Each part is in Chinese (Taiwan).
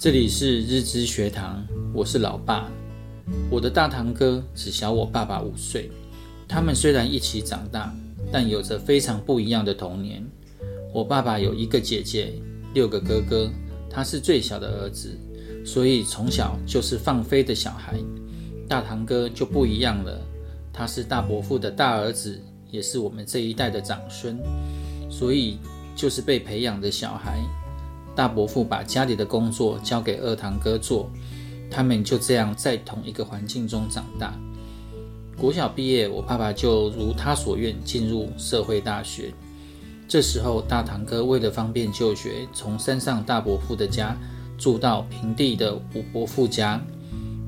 這裡是日知學堂，我是老爸。我的大堂哥只小我爸爸五歲，他們雖然一起長大，但有着非常不一樣的童年。我爸爸有一個姐姐，六個哥哥，他是最小的兒子，所以從小就是放飛的小孩。大堂哥就不一樣了，他是大伯父的大兒子，也是我們這一代的長孫，所以就是被培養的小孩。大伯父把家裡的工作交給二堂哥做，他們就這樣在同一個環境中長大。國小畢業，我爸爸就如他所願進入社會大學。這時候，大堂哥為了方便就學，從山上大伯父的家住到平地的五伯父家。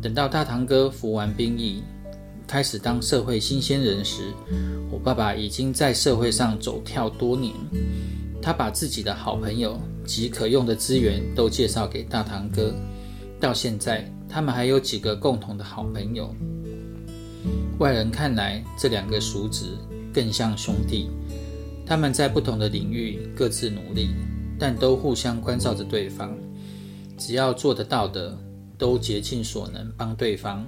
等到大堂哥服完兵役，開始當社會新鮮人時，我爸爸已經在社會上走跳多年。他把自己的好朋友，及可用的資源都介紹給大堂哥。到現在，他們還有幾個共同的好朋友。外人看來，這兩個叔侄更像兄弟。他們在不同的領域各自努力，但都互相關照着對方。只要做得到的，都竭盡所能幫對方。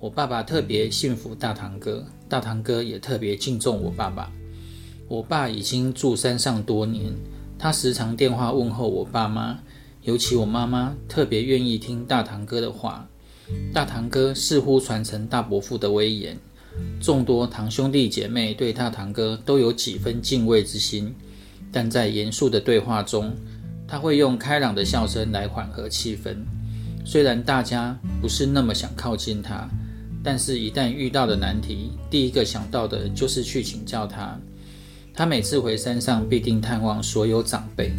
我爸爸特別信服大堂哥，大堂哥也特別敬重我爸爸。我爸已經住山上多年。他時常電話問候我爸媽，尤其我媽媽特別願意聽大堂哥的話。大堂哥似乎傳承大伯父的威嚴，眾多堂兄弟姐妹對大堂哥都有幾分敬畏之心。但在嚴肅的對話中，他會用開朗的笑聲來緩和氣氛。雖然大家不是那麼想靠近他，但是一旦遇到的難題，第一個想到的就是去請教他。他每次回山上必定探望所有長輩，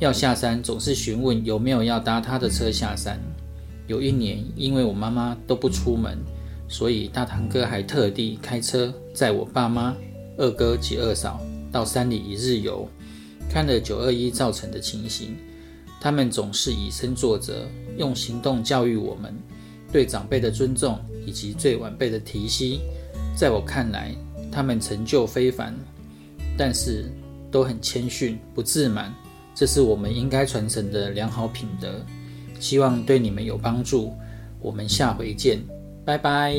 要下山總是詢問有沒有要搭他的車下山。有一年，因為我媽媽都不出門，所以大堂哥還特地開車載我爸媽、二哥及二嫂到山裡一日遊。看了九二一造成的情形，他們總是以身作則，用行動教育我們對長輩的尊重以及對晚輩的提攜。在我看來，他們成就非凡。但是都很謙遜，不自滿，這是我們應該傳承的良好品德。希望對你們有幫助。我們下回見，拜拜。